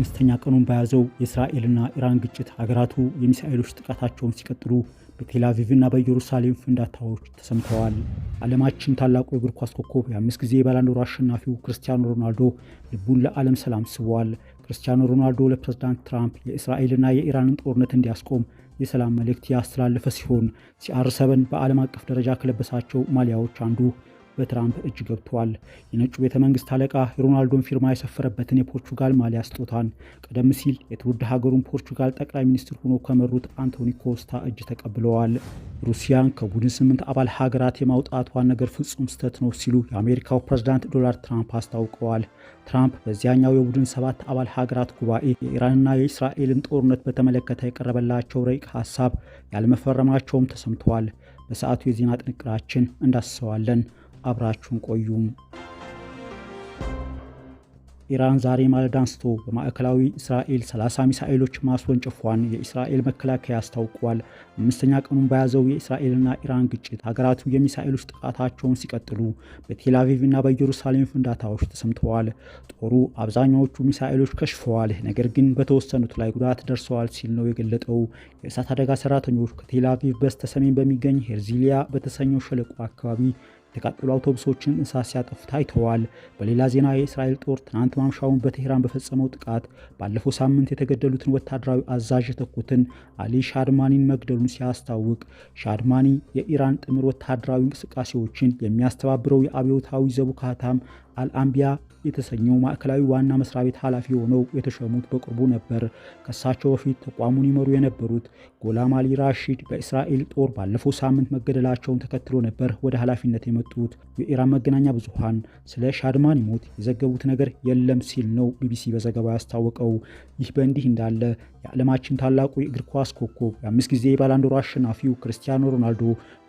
አምስተኛ ቀኑን በያዘው የእስራኤልና ኢራን ግጭት ሀገራቱ የሚሳኤሎች ጥቃታቸውን ሲቀጥሉ በቴላቪቭና በኢየሩሳሌም ፍንዳታዎች ተሰምተዋል። ዓለማችን ታላቁ የእግር ኳስ ኮከብ የአምስት ጊዜ የባላንዶር አሸናፊው ክርስቲያኖ ሮናልዶ ልቡን ለዓለም ሰላም ስቧል። ክርስቲያኖ ሮናልዶ ለፕሬዝዳንት ትራምፕ የእስራኤልና የኢራንን ጦርነት እንዲያስቆም የሰላም መልእክት ያስተላለፈ ሲሆን ሲአር7 በዓለም አቀፍ ደረጃ ከለበሳቸው ማሊያዎች አንዱ በትራምፕ እጅ ገብተዋል። የነጩ ቤተ መንግስት አለቃ የሮናልዶን ፊርማ የሰፈረበትን የፖርቹጋል ማሊያ ስጦታን ቀደም ሲል የትውልድ ሀገሩን ፖርቹጋል ጠቅላይ ሚኒስትር ሆኖ ከመሩት አንቶኒ ኮስታ እጅ ተቀብለዋል። ሩሲያን ከቡድን ስምንት አባል ሀገራት የማውጣቷን ነገር ፍጹም ስህተት ነው ሲሉ የአሜሪካው ፕሬዝዳንት ዶናልድ ትራምፕ አስታውቀዋል። ትራምፕ በዚያኛው የቡድን ሰባት አባል ሀገራት ጉባኤ የኢራንና የእስራኤልን ጦርነት በተመለከተ የቀረበላቸው ረቂቅ ሀሳብ ያለመፈረማቸውም ተሰምተዋል። በሰዓቱ የዜና ጥንቅራችን እንዳስሰዋለን። አብራችሁን ቆዩም። ኢራን ዛሬ ማለዳ አንስቶ በማዕከላዊ እስራኤል 30 ሚሳኤሎች ማስወንጭፏን የእስራኤል መከላከያ አስታውቋል። አምስተኛ ቀኑን በያዘው የእስራኤልና ኢራን ግጭት ሀገራቱ የሚሳኤሎች ጥቃታቸውን ሲቀጥሉ በቴላቪቭ እና በኢየሩሳሌም ፍንዳታዎች ተሰምተዋል። ጦሩ አብዛኛዎቹ ሚሳኤሎች ከሽፈዋል፣ ነገር ግን በተወሰኑት ላይ ጉዳት ደርሰዋል ሲል ነው የገለጠው። የእሳት አደጋ ሰራተኞች ከቴላቪቭ በስተሰሜን በሚገኝ ሄርዚሊያ በተሰኘው ሸለቆ አካባቢ የተቃጠሉ አውቶቡሶችን እሳት ሲያጠፉ ታይተዋል። በሌላ ዜና የእስራኤል ጦር ትናንት ማምሻውን በቴህራን በፈጸመው ጥቃት ባለፈው ሳምንት የተገደሉትን ወታደራዊ አዛዥ የተኩትን አሊ ሻድማኒን መግደሉን ሲያስታውቅ ሻድማኒ የኢራን ጥምር ወታደራዊ እንቅስቃሴዎችን የሚያስተባብረው የአብዮታዊ ዘቡ አልአምቢያ የተሰኘው ማዕከላዊ ዋና መስሪያ ቤት ኃላፊ ሆነው የተሾሙት በቅርቡ ነበር። ከሳቸው በፊት ተቋሙን ይመሩ የነበሩት ጎላም አሊ ራሺድ በእስራኤል ጦር ባለፈው ሳምንት መገደላቸውን ተከትሎ ነበር ወደ ኃላፊነት የመጡት። የኢራን መገናኛ ብዙሃን ስለ ሻድማኒ ሞት የዘገቡት ነገር የለም ሲል ነው ቢቢሲ በዘገባው ያስታወቀው። ይህ በእንዲህ እንዳለ የዓለማችን ታላቁ የእግር ኳስ ኮከብ የአምስት ጊዜ የባላንዶሮ አሸናፊው ክርስቲያኖ ሮናልዶ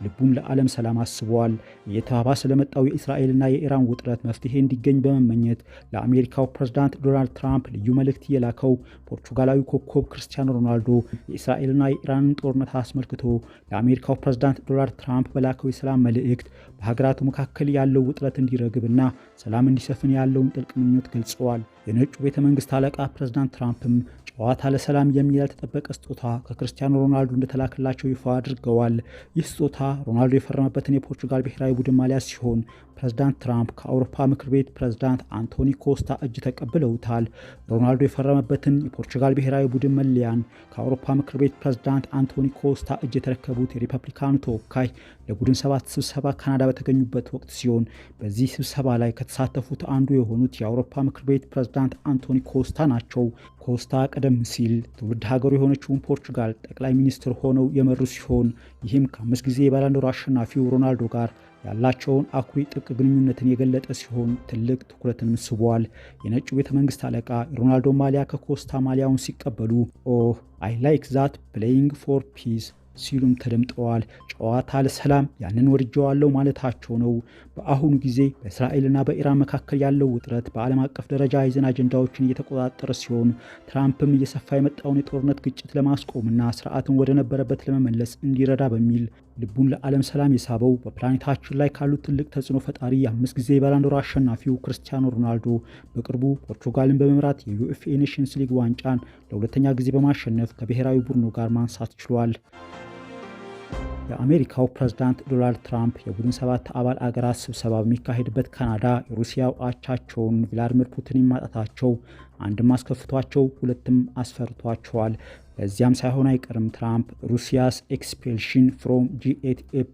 ልቡን ለዓለም ሰላም አስበዋል። እየተባባሰ ስለመጣው የእስራኤልና የኢራን ውጥረት መፍትሄ እንዲገኝ በመመኘት ለአሜሪካው ፕሬዝዳንት ዶናልድ ትራምፕ ልዩ መልእክት የላከው ፖርቹጋላዊ ኮከብ ክርስቲያኖ ሮናልዶ የእስራኤልና የኢራንን ጦርነት አስመልክቶ ለአሜሪካው ፕሬዝዳንት ዶናልድ ትራምፕ በላከው የሰላም መልእክት በሀገራቱ መካከል ያለው ውጥረት እንዲረግብና ሰላም እንዲሰፍን ያለውን ጥልቅ ምኞት ገልጸዋል። የነጩ ቤተ መንግስት አለቃ ፕሬዝዳንት ትራምፕም ጨዋታ ለሰላም የሚል ያልተጠበቀ ስጦታ ከክርስቲያኖ ሮናልዶ እንደተላከላቸው ይፋ አድርገዋል። ይህ ስጦታ ሮናልዶ የፈረመበትን የፖርቹጋል ብሔራዊ ቡድን ማሊያ ሲሆን ፕሬዝዳንት ትራምፕ ከአውሮፓ ምክር ቤት ፕሬዝዳንት አንቶኒ ኮስታ እጅ ተቀብለውታል። ሮናልዶ የፈረመበትን የፖርቹጋል ብሔራዊ ቡድን መለያን ከአውሮፓ ምክር ቤት ፕሬዝዳንት አንቶኒ ኮስታ እጅ የተረከቡት የሪፐብሊካኑ ተወካይ የቡድን ሰባት ስብሰባ ካናዳ በተገኙበት ወቅት ሲሆን በዚህ ስብሰባ ላይ ከተሳተፉት አንዱ የሆኑት የአውሮፓ ምክር ቤት ፕሬዝዳንት አንቶኒ ኮስታ ናቸው። ኮስታ ቀደም ሲል ትውልድ ሀገሩ የሆነችውን ፖርቹጋል ጠቅላይ ሚኒስትር ሆነው የመሩ ሲሆን ይህም ከአምስት ጊዜ የባላንዶር አሸናፊው ሮናልዶ ጋር ያላቸውን አኩሪ ጥብቅ ግንኙነትን የገለጠ ሲሆን ትልቅ ትኩረትን ስቧል። የነጩ ቤተ መንግስት አለቃ የሮናልዶ ማሊያ ከኮስታ ማሊያውን ሲቀበሉ ኦ አይ ላይክ ዛት ፕሌይንግ ፎር ፒስ ሲሉም ተደምጠዋል። ጨዋታ ለሰላም ያንን ወድጀዋለው ማለታቸው ነው። በአሁኑ ጊዜ በእስራኤልና በኢራን መካከል ያለው ውጥረት በዓለም አቀፍ ደረጃ የዘን አጀንዳዎችን እየተቆጣጠረ ሲሆን ትራምፕም እየሰፋ የመጣውን የጦርነት ግጭት ለማስቆምና ስርዓትን ወደነበረበት ለመመለስ እንዲረዳ በሚል ልቡን ለዓለም ሰላም የሳበው በፕላኔታችን ላይ ካሉት ትልቅ ተጽዕኖ ፈጣሪ የአምስት ጊዜ ባላንዶር አሸናፊው ክርስቲያኖ ሮናልዶ በቅርቡ ፖርቹጋልን በመምራት የዩኤፍኤ ኔሽንስ ሊግ ዋንጫን ለሁለተኛ ጊዜ በማሸነፍ ከብሔራዊ ቡድኑ ጋር ማንሳት ችሏል። የአሜሪካው ፕሬዝዳንት ዶናልድ ትራምፕ የቡድን ሰባት አባል አገራት ስብሰባ በሚካሄድበት ካናዳ የሩሲያው አቻቸውን ቭላዲሚር ፑቲንን ማጣታቸው አንድም አስከፍቷቸው ሁለትም አስፈርቷቸዋል። እዚያም ሳይሆን አይቀርም ትራምፕ ሩሲያስ ኤክስፔልሽን ፍሮም ጂ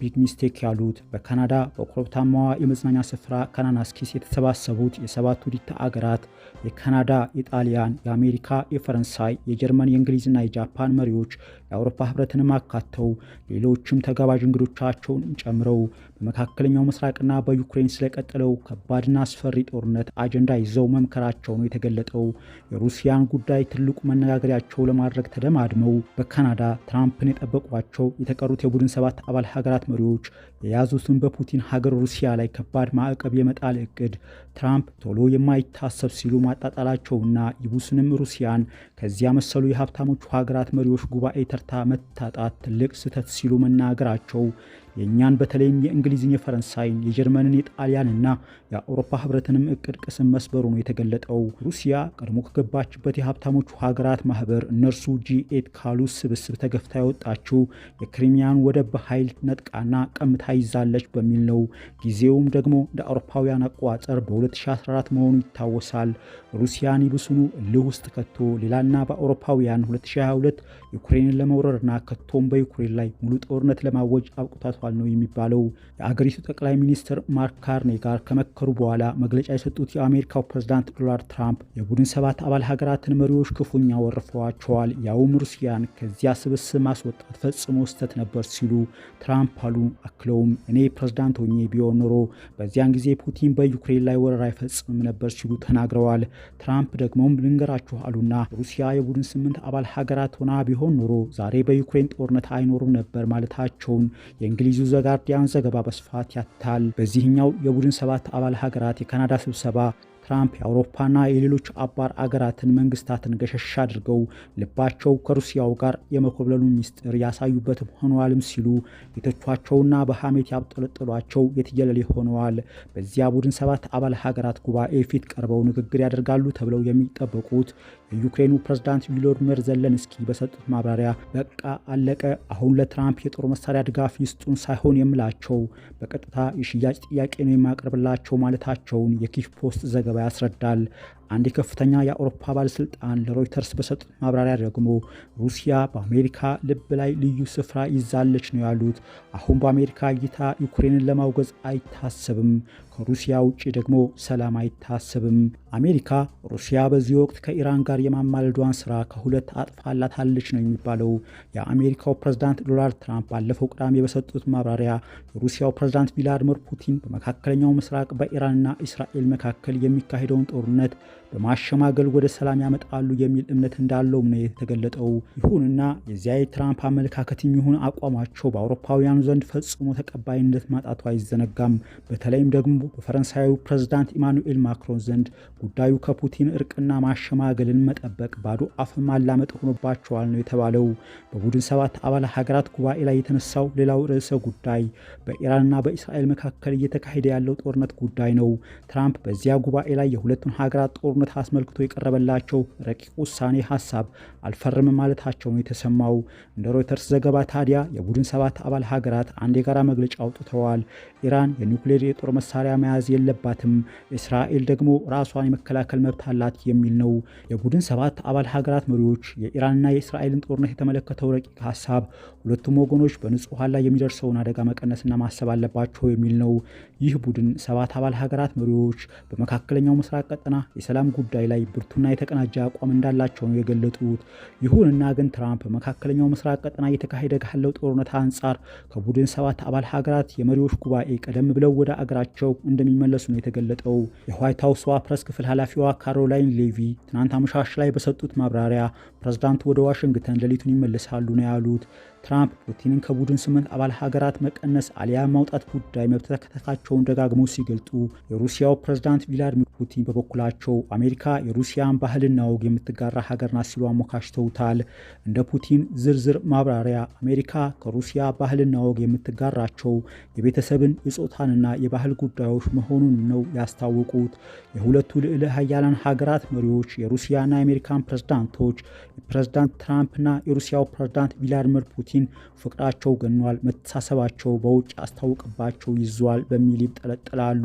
ቢግ ሚስቴክ ያሉት በካናዳ በኮረብታማዋ የመዝናኛ ስፍራ ካናናስኪስ የተሰባሰቡት የሰባቱ ዲታ አገራት የካናዳ፣ የጣሊያን፣ የአሜሪካ፣ የፈረንሳይ፣ የጀርመን፣ የእንግሊዝና የጃፓን መሪዎች የአውሮፓ ህብረትንም አካተው ሌሎችም ተጋባዥ እንግዶቻቸውን ጨምረው በመካከለኛው ምስራቅና በዩክሬን ስለቀጠለው ከባድና አስፈሪ ጦርነት አጀንዳ ይዘው መምከራቸው ነው የተገለጠው። የሩሲያን ጉዳይ ትልቁ መነጋገሪያቸው ለማድረግ ተደማ አድመው በካናዳ ትራምፕን የጠበቋቸው የተቀሩት የቡድን ሰባት አባል ሀገራት መሪዎች የያዙትን በፑቲን ሀገር ሩሲያ ላይ ከባድ ማዕቀብ የመጣል እቅድ ትራምፕ ቶሎ የማይታሰብ ሲሉ ማጣጣላቸውና ይቡስንም ሩሲያን ከዚያ መሰሉ የሀብታሞቹ ሀገራት መሪዎች ጉባኤ ተርታ መታጣት ትልቅ ስህተት ሲሉ መናገራቸው የእኛን በተለይም የእንግሊዝን፣ የፈረንሳይን፣ የጀርመንን፣ የጣሊያንና የአውሮፓ ህብረትንም እቅድ ቅስም መስበሩ ነው የተገለጠው። ሩሲያ ቀድሞ ከገባችበት የሀብታሞቹ ሀገራት ማህበር እነርሱ ጂኤት ካሉ ስብስብ ተገፍታ የወጣችው የክሪሚያን ወደብ በኃይል ነጥቃና ቀምታ ይዛለች በሚል ነው። ጊዜውም ደግሞ እንደ አውሮፓውያን አቆጣጠር በ2014 መሆኑ ይታወሳል። ሩሲያን ይብሱኑ እልህ ውስጥ ከቶ ሌላና በአውሮፓውያን 2022 ዩክሬንን ለመውረርና ከቶም በዩክሬን ላይ ሙሉ ጦርነት ለማወጅ አብቅቷታል ነው የሚባለው። የአገሪቱ ጠቅላይ ሚኒስትር ማርክ ካርኔ ጋር ከመከሩ በኋላ መግለጫ የሰጡት የአሜሪካው ፕሬዝዳንት ዶናልድ ትራምፕ የቡድን ሰባት አባል ሀገራትን መሪዎች ክፉኛ ወርፈዋቸዋል፣ ያውም ሩሲያን ከዚያ ስብስብ ማስወጣት ፈጽሞ ስህተት ነበር ሲሉ ትራምፕ አሉ አክለው እንደውም እኔ ፕሬዝዳንት ሆኜ ቢሆን ኖሮ በዚያን ጊዜ ፑቲን በዩክሬን ላይ ወረራ አይፈጽምም ነበር ሲሉ ተናግረዋል። ትራምፕ ደግሞም ልንገራችሁ አሉና ሩሲያ የቡድን ስምንት አባል ሀገራት ሆና ቢሆን ኖሮ ዛሬ በዩክሬን ጦርነት አይኖርም ነበር ማለታቸውን የእንግሊዙ ዘጋርዲያን ዘገባ በስፋት ያትታል። በዚህኛው የቡድን ሰባት አባል ሀገራት የካናዳ ስብሰባ ትራምፕ የአውሮፓና የሌሎች አባር አገራትን መንግስታትን ገሸሽ አድርገው ልባቸው ከሩሲያው ጋር የመኮብለሉ ሚስጥር ያሳዩበትም ሆነዋልም ሲሉ የተቿቸውና በሐሜት ያብጠለጥሏቸው የትየለሌ ሆነዋል። በዚያ ቡድን ሰባት አባል ሀገራት ጉባኤ ፊት ቀርበው ንግግር ያደርጋሉ ተብለው የሚጠበቁት የዩክሬኑ ፕሬዝዳንት ቮሎዲሚር ዘለንስኪ በሰጡት ማብራሪያ በቃ አለቀ፣ አሁን ለትራምፕ የጦር መሳሪያ ድጋፍ ይስጡን ሳይሆን የምላቸው በቀጥታ የሽያጭ ጥያቄ ነው የማቀርብላቸው ማለታቸውን የኪፍ ፖስት ዘገባ ያስረዳል። አንድ ከፍተኛ የአውሮፓ ባለስልጣን ለሮይተርስ በሰጡት ማብራሪያ ደግሞ ሩሲያ በአሜሪካ ልብ ላይ ልዩ ስፍራ ይዛለች ነው ያሉት። አሁን በአሜሪካ እይታ ዩክሬንን ለማውገዝ አይታሰብም፣ ከሩሲያ ውጭ ደግሞ ሰላም አይታሰብም። አሜሪካ ሩሲያ በዚህ ወቅት ከኢራን ጋር የማማለዷን ስራ ከሁለት አጥፋላታለች ነው የሚባለው። የአሜሪካው ፕሬዝዳንት ዶናልድ ትራምፕ ባለፈው ቅዳሜ በሰጡት ማብራሪያ የሩሲያው ፕሬዝዳንት ቪላድሚር ፑቲን በመካከለኛው ምስራቅ በኢራንና እስራኤል መካከል የሚካሄደውን ጦርነት በማሸማገል ወደ ሰላም ያመጣሉ የሚል እምነት እንዳለውም ነው የተገለጠው። ይሁንና የዚያ የትራምፕ አመለካከት የሚሆን አቋማቸው በአውሮፓውያኑ ዘንድ ፈጽሞ ተቀባይነት ማጣቱ አይዘነጋም። በተለይም ደግሞ በፈረንሳዩ ፕሬዝዳንት ኢማኑኤል ማክሮን ዘንድ ጉዳዩ ከፑቲን እርቅና ማሸማገልን መጠበቅ ባዶ አፍ ማላመጥ ሆኖባቸዋል ነው የተባለው። በቡድን ሰባት አባል ሀገራት ጉባኤ ላይ የተነሳው ሌላው ርዕሰ ጉዳይ በኢራንና በእስራኤል መካከል እየተካሄደ ያለው ጦርነት ጉዳይ ነው። ትራምፕ በዚያ ጉባኤ ላይ የሁለቱን ሀገራት ጦር ጦርነት አስመልክቶ የቀረበላቸው ረቂቅ ውሳኔ ሀሳብ አልፈርም ማለታቸው ነው የተሰማው። እንደ ሮይተርስ ዘገባ ታዲያ የቡድን ሰባት አባል ሀገራት አንድ የጋራ መግለጫ አውጥተዋል። ኢራን የኒውክሌር የጦር መሳሪያ መያዝ የለባትም፣ እስራኤል ደግሞ ራሷን የመከላከል መብት አላት የሚል ነው። የቡድን ሰባት አባል ሀገራት መሪዎች የኢራንና የእስራኤልን ጦርነት የተመለከተው ረቂቅ ሀሳብ ሁለቱም ወገኖች በንጹሐን ላይ የሚደርሰውን አደጋ መቀነስና ማሰብ አለባቸው የሚል ነው። ይህ ቡድን ሰባት አባል ሀገራት መሪዎች በመካከለኛው ምስራቅ ቀጠና የሰላም በሰላም ጉዳይ ላይ ብርቱና የተቀናጀ አቋም እንዳላቸው ነው የገለጡት። ይሁንና ግን ትራምፕ መካከለኛው ምስራቅ ቀጠና እየተካሄደ ካለው ጦርነት አንጻር ከቡድን ሰባት አባል ሀገራት የመሪዎች ጉባኤ ቀደም ብለው ወደ አገራቸው እንደሚመለሱ ነው የተገለጠው። የዋይት ሀውስዋ ፕረስ ክፍል ኃላፊዋ ካሮላይን ሌቪ ትናንት አመሻሽ ላይ በሰጡት ማብራሪያ ፕሬዝዳንቱ ወደ ዋሽንግተን ሌሊቱን ይመለሳሉ ነው ያሉት። ትራምፕ ፑቲንን ከቡድን ስምንት አባል ሀገራት መቀነስ አሊያ ማውጣት ጉዳይ ተከታታቸውን ደጋግሞ ሲገልጡ፣ የሩሲያው ፕሬዝዳንት ቪላዲሚር ፑቲን በበኩላቸው አሜሪካ የሩሲያን ባህልና ወግ የምትጋራ ሀገር ናት ሲሉ አሞካሽተውታል። እንደ ፑቲን ዝርዝር ማብራሪያ አሜሪካ ከሩሲያ ባህልና ወግ የምትጋራቸው የቤተሰብን የጾታንና የባህል ጉዳዮች መሆኑን ነው ያስታወቁት። የሁለቱ ልዕለ ሀያላን ሀገራት መሪዎች የሩሲያና የአሜሪካን ፕሬዝዳንቶች የፕሬዝዳንት ትራምፕና የሩሲያው ፕሬዝዳንት ቪላዲሚር ፑቲን ፑቲን ፍቅራቸው ገኗል፣ መተሳሰባቸው በውጭ አስታውቅባቸው ይዟል በሚል ይጠለጠላሉ።